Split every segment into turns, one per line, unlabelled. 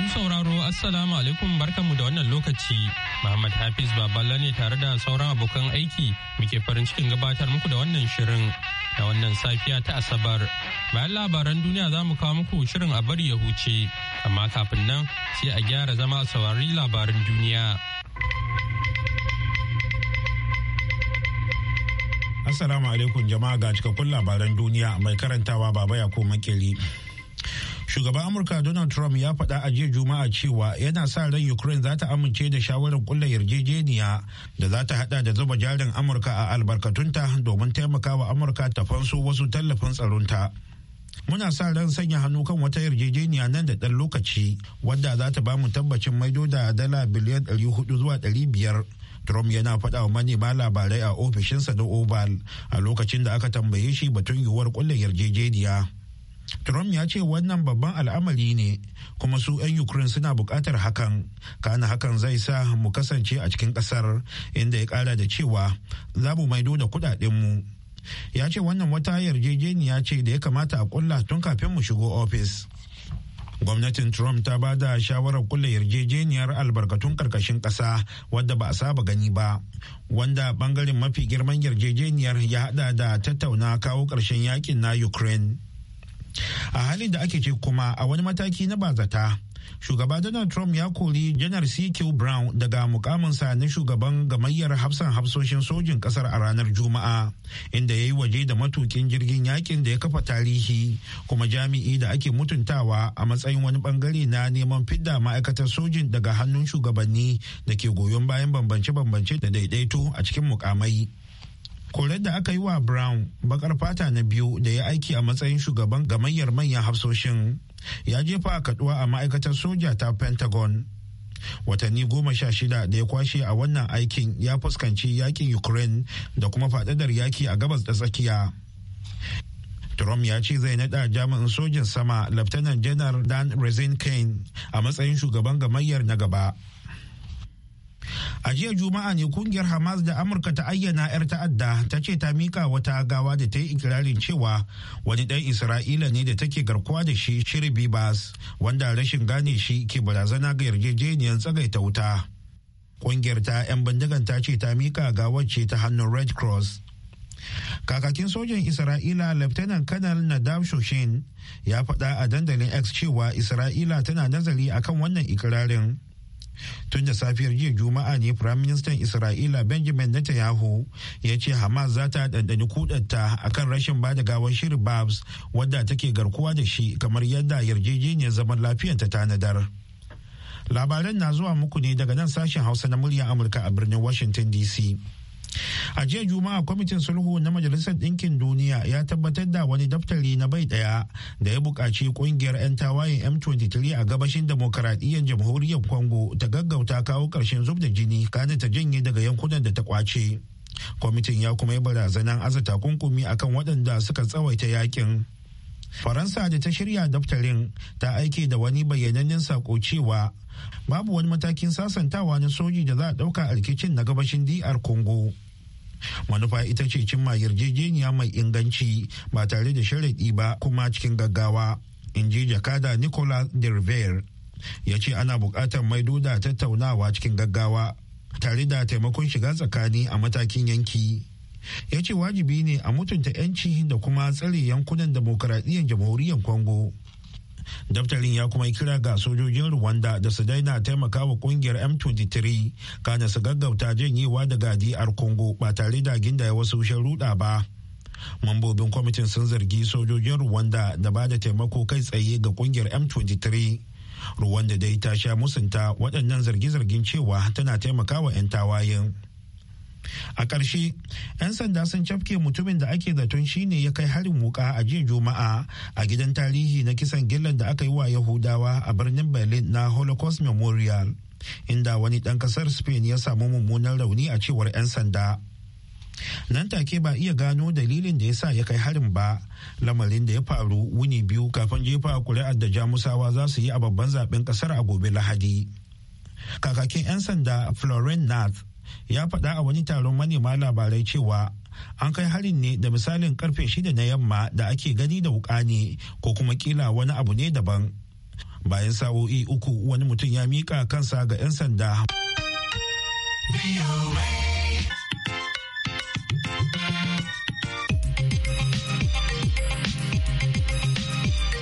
Masu sauraro Assalamu alaikum barkanmu da wannan lokaci. Muhammad Hafiz Baballa ne tare da sauran abokan aiki muke farin cikin gabatar muku da wannan shirin da wannan safiya ta Asabar. Bayan labaran duniya za mu kawo muku shirin a bari ya huce, amma kafin nan sai a gyara zama a saurari labaran duniya.
Assalamu alaikum jama'a ga cikakkun labaran duniya mai karantawa baba ya ko makeri. shugaban amurka donald trump ya faɗa a jiya juma'a cewa yana sa ran ukraine za ta amince da shawarar kulla yarjejeniya da za ta haɗa da zuba jarin amurka a albarkatunta domin taimakawa amurka ta fanso wasu tallafin tsaronta muna sa ran sanya hannu kan wata yarjejeniya nan da ɗan lokaci wadda za ta bamu tabbacin maido da dala biliyan ɗari 400 zuwa ɗari biyar. Trump yana faɗa wa manema labarai a ofishinsa na Oval a lokacin da aka tambaye shi batun yiwuwar kulle yarjejeniya. Trump ya ce wannan babban al'amari ne kuma su 'yan Ukraine suna bukatar hakan, kana hakan zai sa mu kasance a cikin ƙasar inda ya ƙara da cewa za mu maido da kuɗaɗenmu. Ya ce wannan wata yarjejeniya ce da ya kamata a ƙulla tun kafin mu shigo ofis. Gwamnatin Trump ta ba da shawarar kulle yarjejeniyar albarkatun karkashin ƙasa wadda ba a saba gani ba, wanda bangaren mafi girman yarjejeniyar ya haɗa da tattauna kawo ƙarshen yakin na Ukraine. a halin da ake ce kuma a wani mataki na bazata shugaba donald trump ya kori janar C.Q. brown daga mukaminsa na shugaban gamayyar hafsan hafsoshin sojin kasar a ranar juma'a inda ya yi waje da matukin jirgin yakin da ya kafa tarihi kuma jami'i da ake mutuntawa a matsayin wani bangare na neman fidda ma'aikatar sojin daga hannun shugabanni da ke goyon bayan bambance-bambance da daidaito a cikin mukamai korar da aka yi wa brown bakar fata na biyu da ya aiki a matsayin shugaban gamayyar manyan hafsoshin ya jefa a kaduwa a ma'aikatar soja ta pentagon watanni goma sha shida da ya kwashe a wannan aikin ya fuskanci yakin ukraine da kuma fadadar yaki a gabas da tsakiya Trump ya ce zai naɗa jami'in sojin sama Laftanan Janar Dan Rezin Kane a matsayin shugaban gamayyar na gaba. A jiya Juma'a ne kungiyar Hamas da Amurka ta ayyana 'yar ta'adda ta ce ta mika wata gawa da ta yi ikirarin cewa wani ɗan Isra'ila ne da take garkuwa da shi shiri Bas wanda rashin gane shi ke barazana ga yarjejeniyar tsagaita wuta. Kungiyar ta 'yan bindigan ta ce ta mika gawar ce ta hannun Red Cross. Kakakin sojan Isra'ila Lieutenant Kanal Nadav Shoshin ya faɗa a dandalin X cewa Isra'ila tana nazari akan wannan ikirarin. tun da safiyar jiya juma'a ne firaministan isra'ila benjamin netanyahu ya ce hamas za ta ɗanɗani kudatta kan rashin ba da gawar shiri babs wadda take garkuwa da shi kamar yadda yarjejeniyar zaman lafiyar ta tanadar labaran na zuwa muku ne daga nan sashen hausa na muryar amurka a birnin washington dc A jiya Juma'a kwamitin sulhu na Majalisar Ɗinkin Duniya ya tabbatar da wani daftari na bai ɗaya da ya buƙaci ƙungiyar 'yan tawayen M23 a gabashin demokaradiyyar jamhuriyar Congo ta gaggauta kawo ƙarshen zub da jini kada ta janye daga yankunan da ta kwace. Kwamitin ya kuma yi barazanan aza takunkumi akan waɗanda suka tsawaita yakin. faransa da ta shirya daftarin ta aike da wani bayyanannen sako cewa babu wani matakin sasantawa na soji da za a ɗauka a rikicin na gabashin dr congo manufa ita ce cimma yarjejeniya mai inganci ba tare da sharaɗi ba kuma cikin gaggawa in ji jakada nicola derver ya ce ana buƙatar maido da tattaunawa cikin gaggawa tare da taimakon shiga tsakani a matakin yanki ya ce wajibi ne a mutunta 'yanci da kuma tsare yankunan demokuraɗiyyar jamhuriyar Kongo. daftarin ya kuma yi kira ga sojojin rwanda da su daina taimakawa kungiyar m23 kana su gaggauta janyewa daga dr congo ba tare da gindaya wasu sharuɗa ba mambobin kwamitin sun zargi sojojin rwanda da ba da taimako kai tsaye ga kungiyar m23 rwanda dai ta sha musunta waɗannan zargi-zargin cewa tana taimakawa 'yan tawayen. a ƙarshe 'yan sanda sun cafke mutumin da ake zaton shine ya kai harin wuka a jiya juma'a a gidan tarihi na kisan gillan da aka yi wa yahudawa a birnin berlin na holocaust memorial inda wani ɗan ƙasar spain ya samu mummunan rauni a cewar 'yan sanda nan take ba iya gano dalilin da ya sa ya kai harin ba lamarin da ya faru wuni biyu kafin jefa kuri'ar da jamusawa za su yi a babban zaben kasar a gobe lahadi kakakin 'yan sanda florin nath ya faɗa a wani taron manema labarai cewa an kai harin ne da misalin karfe shida na yamma da ake gani da wuƙa ne ko kuma kila wani abu ne daban bayan sa'o'i uku wani mutum ya miƙa kansa ga 'yan sanda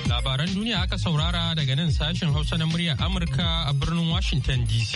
labaran duniya aka saurara daga nan sashen hausa na muryar amurka a birnin washington dc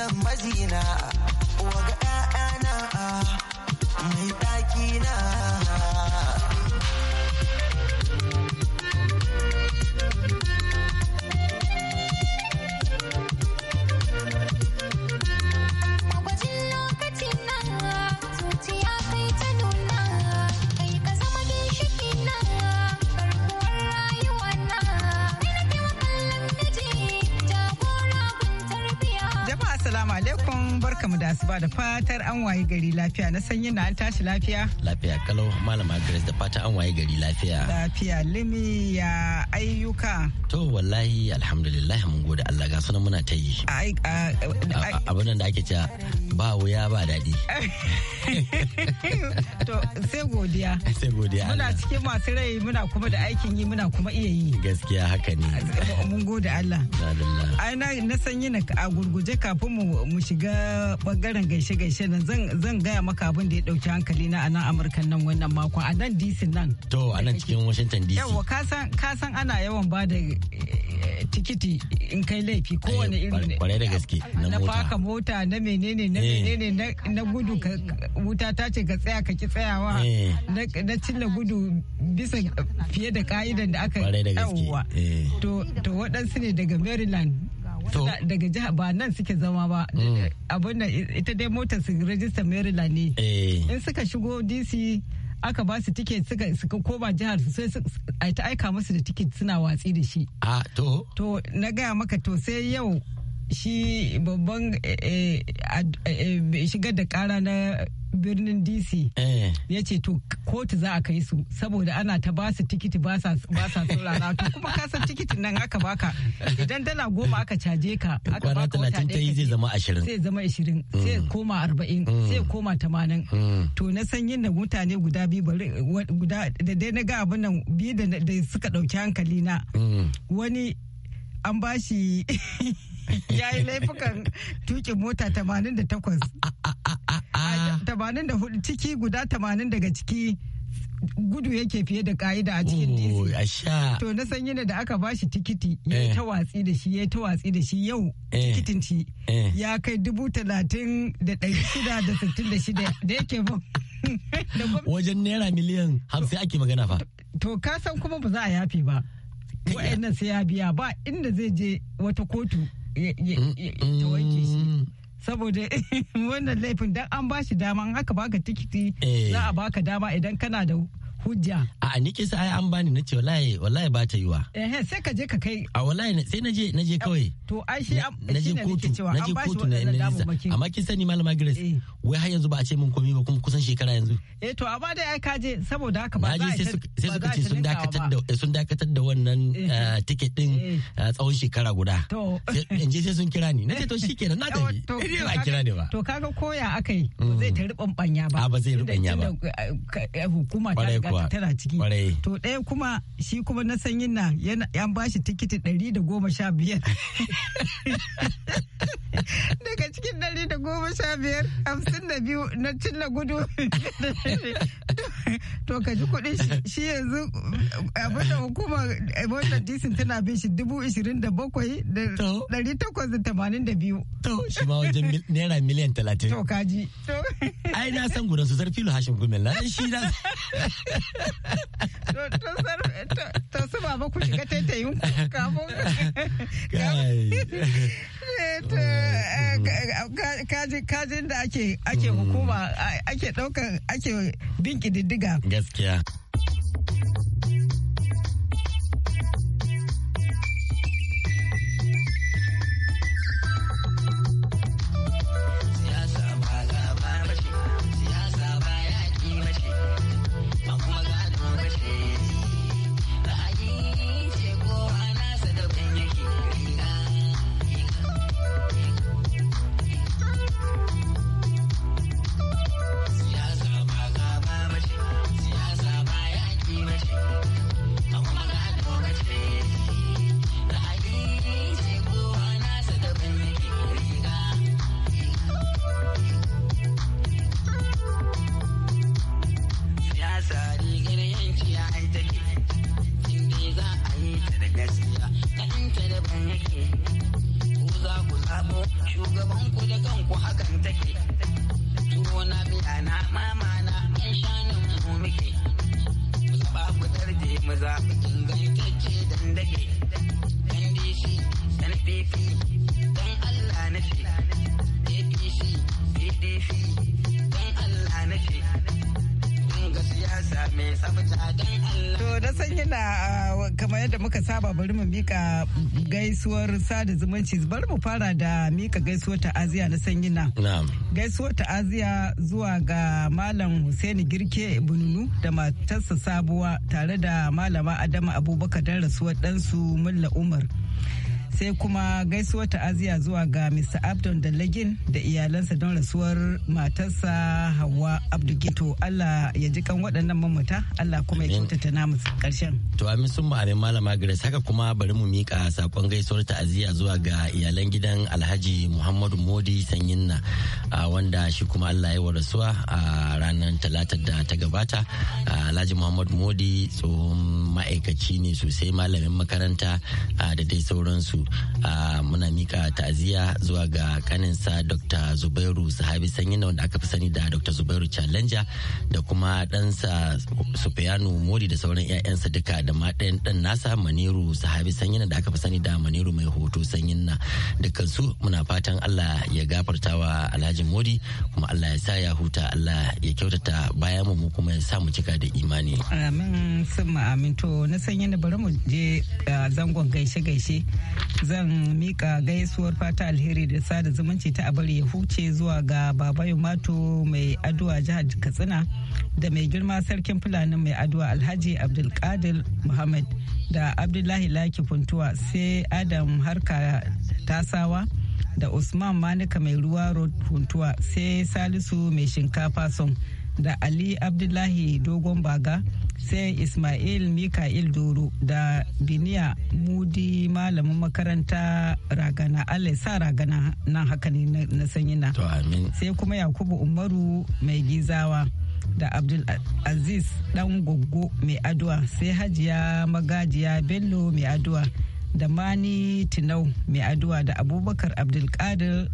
zan mazina, waga ‘ya'yana mai ɗakina. Ba da fatar an waye gari lafiya na sanyi na an tashi
lafiya lafiya kalau malama grace da fatar an waye gari lafiya
lafiya limi ya
ayyuka To wallahi alhamdulillah mun gode Allah ga sanan muna ta yi. Abin da ake cewa ba wuya ba daɗi.
To sai godiya.
Sai godiya. Muna
cikin masu rai muna kuma da aikin yi muna kuma iya yi.
Gaskiya haka ne.
Mun gode Allah. Ai na san yi a gurguje kafin mu shiga bangaren gaishe-gaishe nan zan gaya maka abin da ya ɗauki hankali na a nan Amurka nan wannan makon a nan DC nan.
To a nan cikin Washington DC. Yawwa
ka san ana yawan ba da tikiti in kai laifi eh, kowane irin
kwarai da gaske na faka
mota na menene na eh. menene na gudu wuta ta ce ka tsaya ka ki tsayawa eh. na cilla gudu bisa fiye da ka'idan da aka yawwa to waɗansu ne daga maryland daga jiha ba nan suke zama ba mm. abin ita dai motar su rajista maryland ne in suka shigo dc aka ba su tiket suka suka koma jihar sai a ta aika musu da tiket suna watsi da shi a ah, to to na gaya maka to sai yau shi babban eh, eh, eh, shigar da kara na birnin dc ya ce to kotu za a kai su saboda ana ta ba su tikiti ba sa saurara to kuma ka san tikitin nan aka baka idan dala goma aka caje ka aka baka wata ɗaya zai zama ashirin sai zama mm. ashirin sai koma arba'in mm. sai koma tamanin mm. to na san yin da mutane guda biyu bari guda da dai na ga abin nan biyu da suka ɗauki hankali na wani an ba shi ya yi laifukan tuki mota 88 84 ciki guda 80 daga ciki gudu yake fiye da ka'ida a cikin DC. To na san yana da aka bashi tikiti ya yi eh. ta watsi da shi ya yi ta watsi da shi yau eh. tikitin ci eh. ya kai dubu talatin da ɗari shida da sittin da shida da yake bin.
Wajen naira miliyan hamsin ake magana fa.
To ka san kuma ba za a yafe ba. Wa'annan sai ya biya ba inda zai je wata kotu. Mm, mm, mm. saboda wannan laifin dan an ba shi dama an aka baka tikiti eh.
za a baka dama idan kana da hujja a ni kisa ai an bani nace wallahi wallahi ba ta yiwa
eh sai ka je ka kai
a wallahi sai naje naje kawai to ai shi naje kotu naje kotu na na amma kin sani malama Grace eh. wai har yanzu ba a ce min komai ba kuma kusan shekara yanzu
eh to amma dai ai ka je saboda haka ba za a sai suka ce sun dakatar
da eh, sun dakatar da wannan eh. ticket din tsawon shekara guda in je sai sun kira ni nace to shikenan na tafi eh ba kira ne ba
to kaga koya akai ba zai mm. ta rubanya ba ah, ba zai rubanya ba hukuma ta kaga tana ciki to ɗaya kuma shi kuma na sanyin nan yan bashi tikiti ɗari da goma sha biyar daga cikin ɗari da goma sha biyar hamsin da biyu na na gudu to ka ji kuɗin shi yanzu abin da hukumar motar disin tana bin shi dubu ishirin da bakwai da ɗari takwas da tamanin da biyu to
shi ma wajen naira miliyan talatin to ji ai na san gudan su zarfi lo hashin gumel na shi na to su ba ku
shiga taitayin kamun kajin da ake mm. hukuma ake daukan ake bin kididdiga gaskiya gaisuwar sada zumunci bar mu fara da mika gaisuwar ta'aziya na sanyi na Gaisuwar ta'aziya zuwa ga Malam Hussaini Girke Bununu da matarsa sabuwa tare da Malama Adama Abubakar don rasuwar ɗansu Mulla Umar. sai kuma gaisuwar ta'aziyya zuwa ga Mr. Abdon Dallagin da iyalansa don rasuwar matarsa Hawwa Abdugito. Allah ya ji kan waɗannan mamata, Allah kuma ya kyautata musu ƙarshen.
To amin sun ma'amin malama Grace haka kuma bari mu miƙa sakon gaisuwar ta'aziyya zuwa ga iyalan gidan Alhaji Muhammadu Modi Sanyinna wanda shi kuma Allah ya wa rasuwa a ranar talata da ta gabata. Alhaji Muhammadu Modi tsohon ma'aikaci ne sosai malamin makaranta da dai sauransu mutu ah, muna mika ta'aziyya zuwa ga kaninsa dr zubairu sahabi sanyina wanda aka fi sani da dr zubairu challenger da kuma ɗansa sufiyanu modi da sauran 'ya'yansa duka da ma ɗan nasa maniru sahabi sanyina da aka fi sani da maniru mai hoto sanyina dukkan su muna fatan allah ya gafarta wa alhaji modi kuma allah ya sa ya huta allah ya kyautata bayan mu kuma ya sa mu cika da imani
amin sun amin to na sanyina bari mu je ah, zangon gaishe gaishe zan mika gaisuwar fata alheri da sada zumunci ta abar ya huce zuwa ga baba mato mai aduwa jihar katsina da mai girma sarkin fulani mai aduwa alhaji abdulkadir muhammad da abdullahi laki funtuwa sai adam harka tasawa da usman manika mai ruwa road funtuwa sai salisu mai shinkafa son da ali abdullahi dogon baga sai ismail mika'il doro da biniya mudi malamin makaranta ragana allah sa ragana nan haka ne na sanyi na sai kuma yakubu umaru mai gizawa da abdul aziz dan goggo mai aduwa sai hajiya magajiya bello mai aduwa da mani tinau mai aduwa da abubakar abdulkadir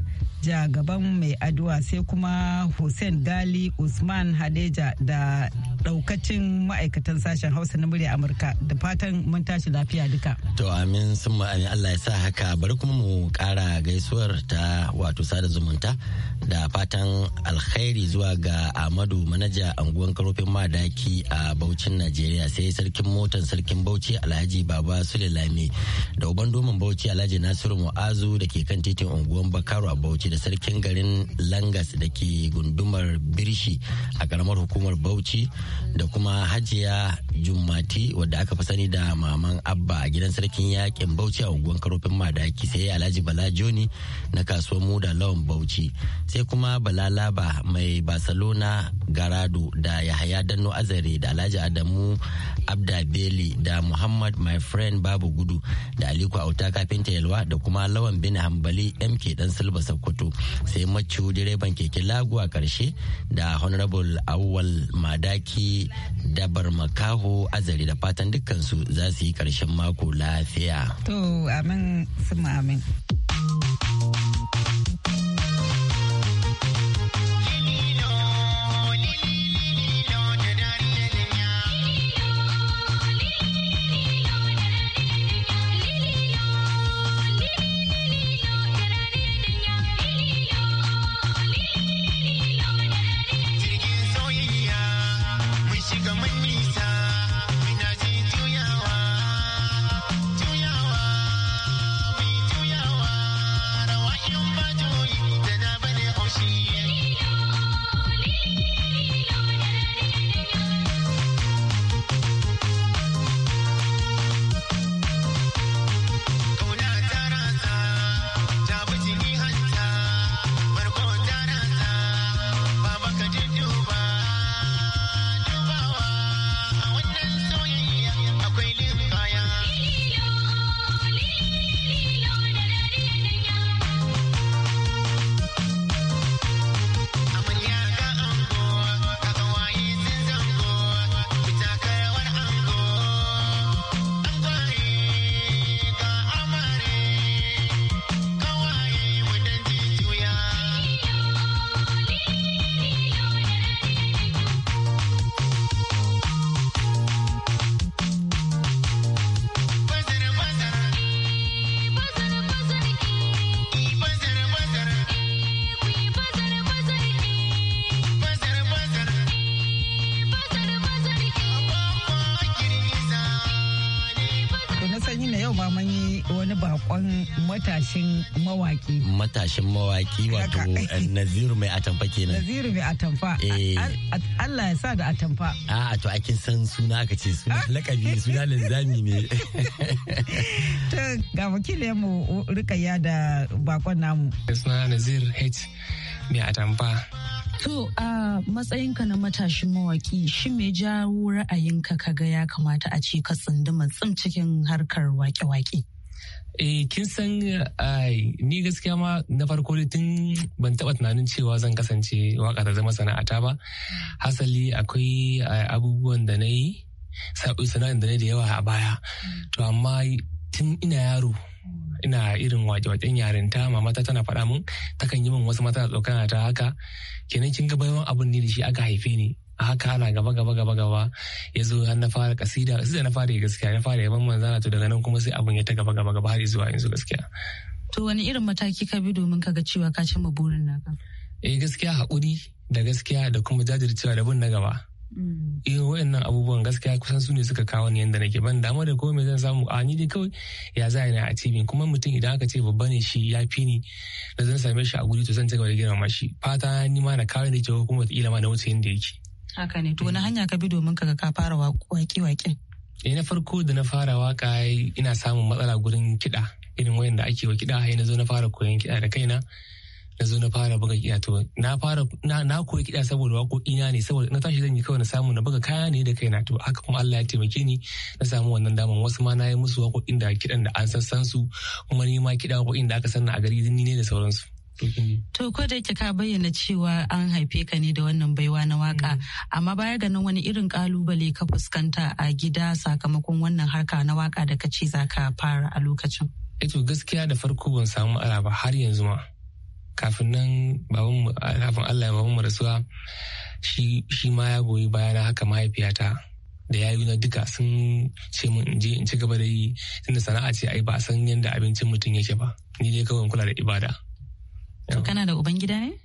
ja gaban mai aduwa sai kuma hussein gali usman hadeja da daukacin ma'aikatan sashen hausa na murya amurka da fatan mun tashi lafiya
duka to amin sun amin allah ya sa haka bari kuma mu kara gaisuwar ta wato sada zumunta da fatan alkhairi zuwa ga amadu manaja anguwan karofin madaki a baucin najeriya sai sarkin motan sarkin bauchi alhaji baba Lami da uban domin bauchi alhaji nasiru mu'azu da ke kan titin unguwan bakaru a bauchi da sarkin garin langas da ke gundumar birshi a karamar hukumar bauchi da kuma hajiya jummati wadda aka fi sani da maman abba a gidan sarkin yakin bauchi a unguwan karofin madaki sai alhaji bala joni na kasuwar muda lawan bauchi sai kuma bala laba mai barcelona garado da yahaya danno azare da alhaji adamu abda beli da muhammad my friend babu gudu da aliko auta kafinta yalwa da kuma lawan bin hambali mk dan silba sokoto sai macu direban keke lagu a karshe da honorable awwal madaki dabar makaho makaho Azare da fatan dukkansu za su yi ƙarshen mako lafiya.
To, amin, sun amin. bakon matashin mawaki.
Matashin mawaki wato eh, Naziru mai atamfa kenan. Naziru mai atamfa. Eh.
Allah ya sa da atamfa.
A'a to akin san suna aka ce suna lakabi suna lanzami ne.
To ga wakilin mu rikaya da bakon namu.
Suna Nazir H mai atamfa.
To a matsayinka na matashin mawaki
shi mai jawo ra'ayinka kaga ya kamata a ce ka tsunduma matsin cikin harkar wake-wake.
Eh kin san ni gaskiya ma na farko tun ban taɓa tunanin cewa zan kasance waka ta zama sana'ata ba. Hasali akwai eh, abubuwan da na yi sana'in da na da yawa a baya. To amma tun ina yaro ina irin wace-wacen yarinta mamata tana faɗa min takan yi min wasu mata tsokana ta haka kenan kin ga bayan abun ne da shi aka haife ni haka ana gaba gaba gaba gaba ya zo har na fara kasida sai na fara gaskiya na fara yaban manzana to daga nan kuma sai abin ya ta gaba gaba gaba har zuwa yanzu gaskiya
to wani irin mataki ka bi domin ka ga cewa ka cimma
burin naka eh gaskiya hakuri da gaskiya da kuma jajircewa da bin na gaba mm. irin nan abubuwan gaskiya kusan su ne suka kawo ni yadda nake ban damar da komai zan samu a ni dai kawai ya za na a cibin kuma mutum idan aka ce babba ne shi ya fi ni da zan same shi a guri to zan ci gaba da girmama shi fata ni ma na kawo da ke kuma wataƙila ma na wuce yadda yake.
haka ne to wani eh. hanya ka bi domin kaga ka fara waƙi waƙin.
eh na farko da na fara waƙa ina samun matsala gurin kiɗa irin wayanda ake wa kiɗa na zo na fara koyon kiɗa da kaina na zo na fara buga kiɗa to na fara na koyi kiɗa saboda waƙoƙina ne saboda na tashi zan yi kawai na samu na buga kaya ne da kaina to haka kuma Allah ya taimake ni na samu wannan daman wasu ma na yi musu waƙoƙin da kiɗan da an san su kuma ni ma kiɗa waƙoƙin da aka sanna a gari ni ne da sauransu
To ko da yake ka bayyana cewa an haife ka ne da wannan baiwa na waka amma baya ga nan wani irin kalubale ka fuskanta a gida sakamakon wannan harka na waka da ka ce za
ka fara a lokacin. Eto eh gaskiya da farko ban samu ala har yanzu ma. Kafin nan kafin Allah ya babanmu rasuwa shi ma ya goyi na haka mahaifiyata da yayu na duka sun ce mun in je in ci gaba da yi tunda sana'a ce ai ba san yadda abincin mutum yake ba ni dai kawai kula da ibada To
kana da ubangida ne?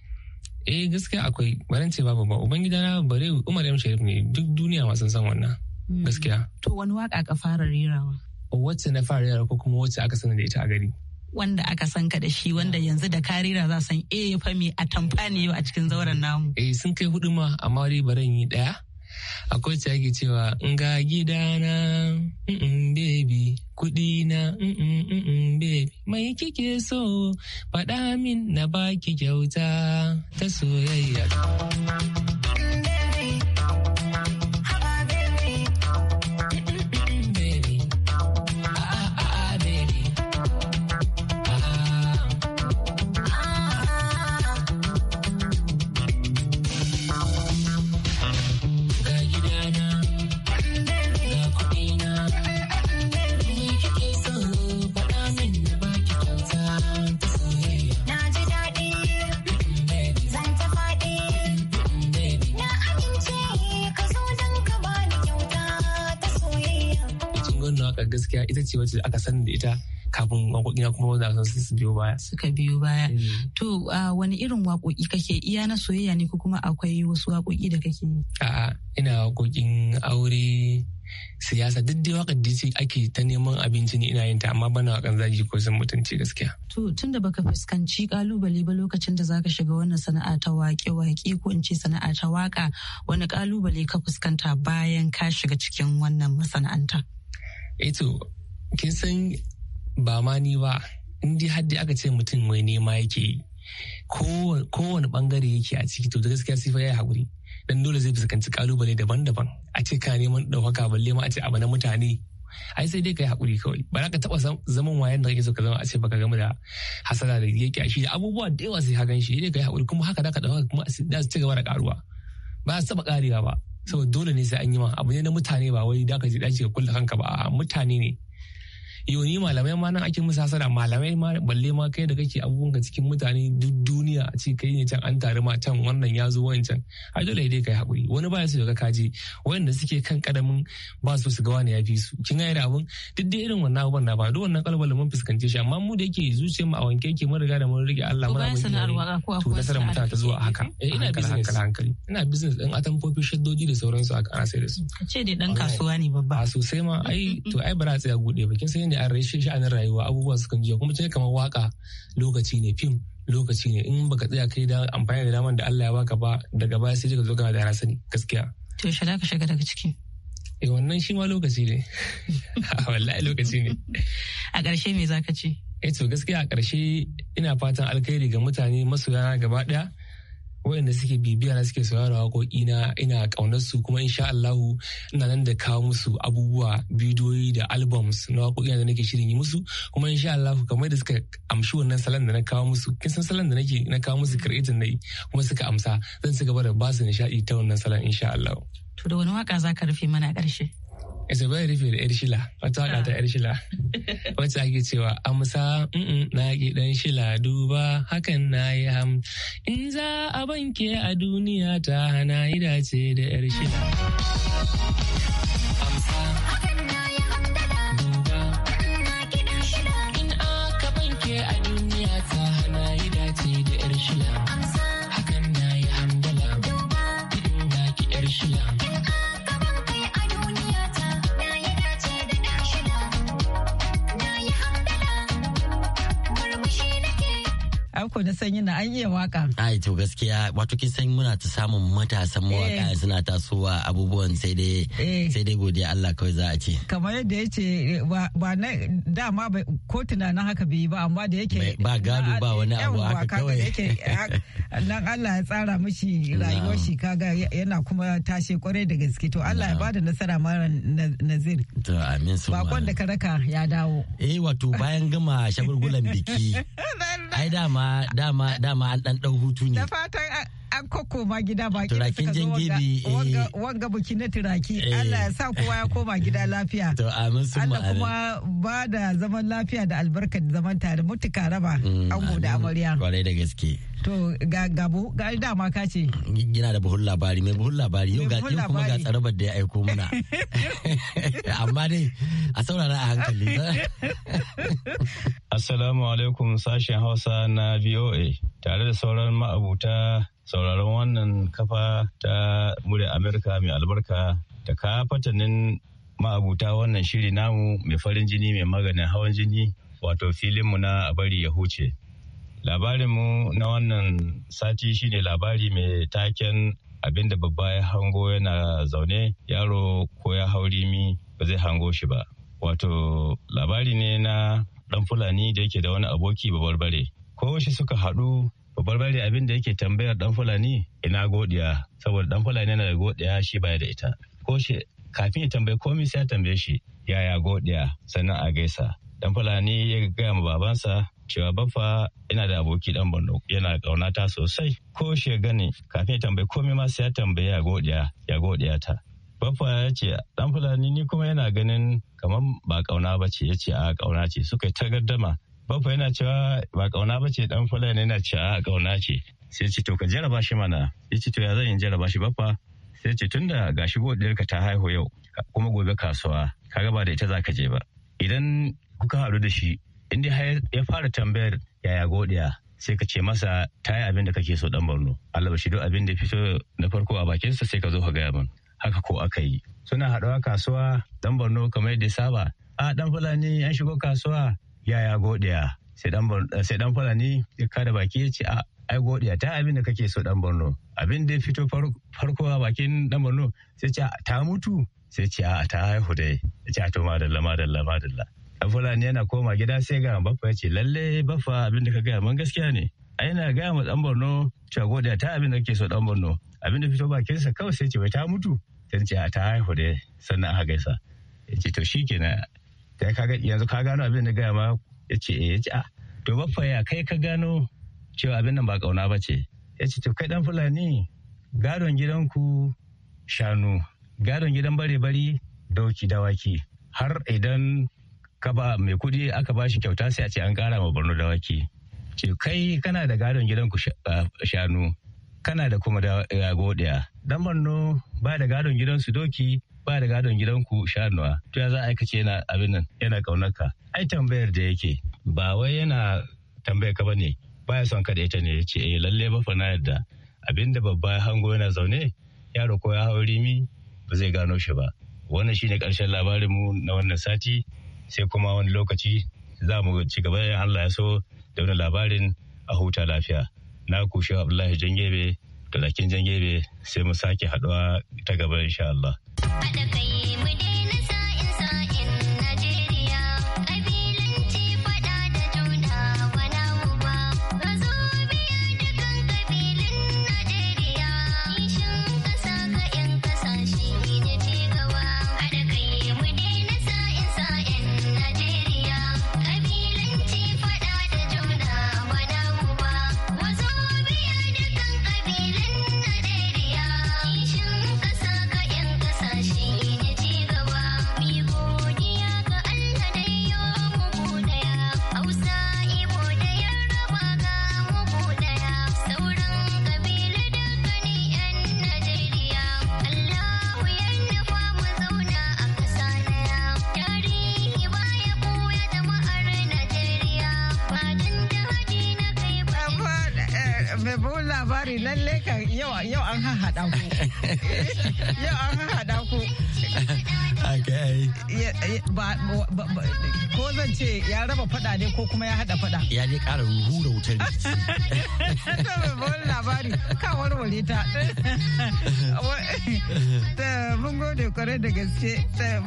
Eh gaskiya akwai baran ce babu ba ubangida na bare Umar M Sharif ne duk duniya ma sun san wannan
hmm. gaskiya. To wani waka ka fara rerawa? Wacce na fara
rerawa ko kuma wacce aka sani da ita a gari? Wanda aka san ka da shi wanda yanzu da ka rera za san eh fa me a tamfa ne a cikin zauren namu. Eh sun kai hudu ma amma dai baran yi daya. akwai ce ake cewa ga gida na baby kudi na mai kike so faɗa min na baki kyauta ta soyayya gaskiya ita ce wacce aka san da ita kafin waƙoƙi kuma wanda su su biyo baya. Suka biyo baya. Eh.
To wani irin waƙoƙi kake iya na soyayya ne ko kuma akwai wasu wakoki da kake yi?
A'a ina waƙoƙin aure siyasa duk dai waƙar da ake ta neman abinci ne ina yin ta amma bana waƙan zagi ko sun mutunci gaskiya.
To tunda baka fuskanci kalubale ba lokacin da zaka shiga wannan sana'a ta waƙe waƙe ko in ce sana'a ta waƙa wani kalubale ka
fuskanta bayan ka shiga cikin wannan
masana'anta?
Eto, eh kin san ba ma ni ba, dai haddi aka ce mutum mai nema yake yi. Kowane bangare yake a ciki to da gaskiya sifa ya yi haƙuri. Dan dole zai fuskanci kalubale daban-daban. A ce ka neman ɗaukaka balle ma a ce abu na mutane ai sai dai ka yi haƙuri kawai ba za ka taɓa zaman wayan da kake so ka zama a ce baka gama da hasara da yake a shi da abubuwa da yawa sai ka gan shi dai ka yi haƙuri kuma haka da ka ɗauka kuma za su ci gaba da ƙaruwa ba su taɓa ƙarewa ba saboda dole ne sai an yi ma abu ne na mutane ba wai da ka je daji ka kulle kanka ba mutane ne ni malamai ma nan ake musu hasara malamai ma balle ma kai da kake ka cikin mutane duk duniya a cikin kai ne can an tare ma can wannan ya zo wancan ai dole dai kai hakuri wani ba su daga kaji wanda suke kan kadamin ba su su ga wani ya fi su kin ga yadda abun duk da irin wannan abubuwan na ba duk wannan kalbalin mun fuskance shi amma mu da yake zuciyar mu a wanke yake mun riga da mun rike Allah muna mun to nasarar mu ta zuwa haka eh, ina business hankali ina business din atamfofi shaddoji da sauransu a ana da su
ce dai dan kasuwa
ne babba sosai ma ai to ai ba za a tsaya gude ba kin san ne a rashin sha'anin rayuwa abubuwa sukan jiya kuma tun kamar waka lokaci ne fim lokaci ne in baka tsaya kai da amfani da daman da Allah ya baka ba daga baya sai ka zo kana da rasani gaskiya to shi za ka shiga daga ciki eh wannan shi ma lokaci ne wallahi lokaci ne a ƙarshe me zaka ce eh to gaskiya a ƙarshe ina fatan alkhairi ga mutane masu gaba daya waɗanda suke bibiya na suke saurara waƙoƙi na ina kaunar su kuma insha Allahu ina nan da kawo musu abubuwa bidiyoyi da albums na waƙoƙi da nake shirin yi musu kuma insha Allahu kamar da suka amshi wannan salon da na kawo musu kin san salon da nake na kawo musu creating nai kuma suka amsa zan su gaba da ba su nishaɗi ta wannan salon insha Allahu to
da wani waka zaka rufe mana ƙarshe
ya rufe da ‘yar shila, wata waka ta ‘yar shila, wata ake cewa amsa na ki dan shila duba hakan na yi ham. In za a banke a duniya ta hana yi dace da ‘yar shila.
aiko da sanyi na an iya waka. Ai to gaskiya wato kin san muna ta samun matasan mawaka eh. suna tasowa abubuwan sai dai eh. sai dai godiya Allah kawai za a ce. Kamar yadda ya ce ba na
dama ko tunanin haka bai yi ba amma da yake
ba gado ba wani abu haka kawai.
Nan Allah ya tsara mishi rayuwar shi kaga yana kuma tashe kwarai da gaske to Allah ya bada nasara mara nazir.
To amin su. Bakon da
ka raka ya dawo.
Eh wato bayan gama shagulgulan biki. ai dama dama dama an dan dau hutu ne da fatan an kokoma gida ba ki suka zo eh. wanga
wanga buki na turaki eh. Allah ya sa kowa ya koma gida lafiya to amin sun Allah kuma ba da zaman lafiya da da zaman tare mutuka raba mm, an gode amarya
kwarai da gaske
to ga gabo ga dama ka ce
gina da buhun labari mai buhun labari yau ga kuma ga
tsarabar da ya aiko mana
amma dai a saurara a hankali
Assalamu alaikum sashen Hausa na VOA tare da sauran ma'abuta sauraron wannan kafa ta murya Amerika mai albarka da ka fatanin ma'abuta wannan shiri namu mai farin jini mai maganin hawan jini wato filinmu na bari ya huce. Labarinmu na wannan sati shine labari mai taken abinda babba ya hango yana zaune yaro ko ya hauri mi ba zai hango shi ba. Wato labari ne na ɗan Fulani da yake da wani aboki bare Ko shi suka haɗu barbare abin da yake tambayar dan fulani ina godiya saboda dan fulani yana da godiya shi baya da ita ko shi kafin ya tambaye komai sai ya tambaye shi yaya godiya sannan a gaisa dan fulani ya gaya ma babansa cewa baffa yana da aboki dan borno yana kaunata sosai ko shi ya gani kafin ya tambaye komai ma sai ya tambaye ya godiya ya godiya ta Baffa ya ce dan fulani ni kuma yana ganin kamar ba kauna ba ce ya ce a kauna ce suka ta gaddama. bafa yana cewa ba kauna ba ce dan fulani yana cewa a kauna ce. Sai ce to ka jaraba shi mana. Ya ce to ya zan yi jaraba shi baffa. Sai ce tunda ga shi ka ta haihu yau kuma gobe kasuwa ka gaba da ita za ka je ba. Idan kuka haɗu da shi inda ya fara tambayar yaya godiya sai ka ce masa ta yi abin da kake so dan barno Allah shi duk abin da fito na farko a bakinsa sai ka zo ka gaya min. Haka ko aka yi. Suna haɗuwa kasuwa dan Borno kamar yadda saba. A dan Fulani an shigo kasuwa yaya godiya eh, sai dan fulani ya kada baki ya ce a ai godiya ta abin da kake so dan borno abin da ya fito farko a bakin dan borno sai ce ta mutu sai ce a ta haihu dai ya ce to madalla madalla madalla dan fulani yana koma gida sai ga baffa ya ce lalle baffa abin da ka gaya man gaskiya ne a yana gaya ma dan borno cewa godiya ta abin da kake so dan borno abin da fito sa kawai sai ce bai ta mutu sai ce a ta haihu dai sannan aka gaisa ya ce to shikenan sai ka yanzu ka gano abin da gaya ma ya ce eh ya ce ah, to baffa ya kai ka gano cewa abin nan ba kauna ba ce ya ce to kai dan fulani gadon gidanku shanu gadon gidan bare-bari dauki dawaki har idan ka ba mai kudi aka ba shi kyauta sai a ce an kara ma barno dawaki ce kai kana da gadon gidanku shanu kana da kuma da godiya dan borno ba da gadon gidansu doki ba da gadon gidanku shanuwa to ya za a aikace yana abin nan yana kaunar ka ai tambayar da yake ba wai yana tambayar ka bane ya son kada ita ne yace eh lalle ba fa na yadda abinda babba ya hango yana zaune yaro ko ya hauri mi ba zai gano shi ba wannan shine karshen labarin mu na wannan sati sai kuma wani lokaci za mu ci gaba da Allah ya so da wani labarin a huta lafiya na kushe Abdullahi Jangebe da Lakin Jangebe sai mu sake haduwa ta gaba insha Allah Haɗa kai mu
an haɗa ku. Yau an haɗa ku. ko zan ce ya raba fada ne ko kuma ya hada fada
ya je kara hura wutar wani labari
kan warware ta mun gode kwarai da gaske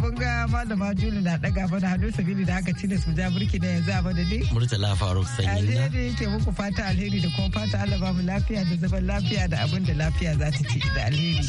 mun ga malama juli na daga bana hannu sabili da aka ci da su ja
burki da yanzu a ne. murtala faruk sanyi na alheri
yake muku fata alheri da kuma fata allah ba mu lafiya da zaman lafiya da abin da lafiya za ta ci da alheri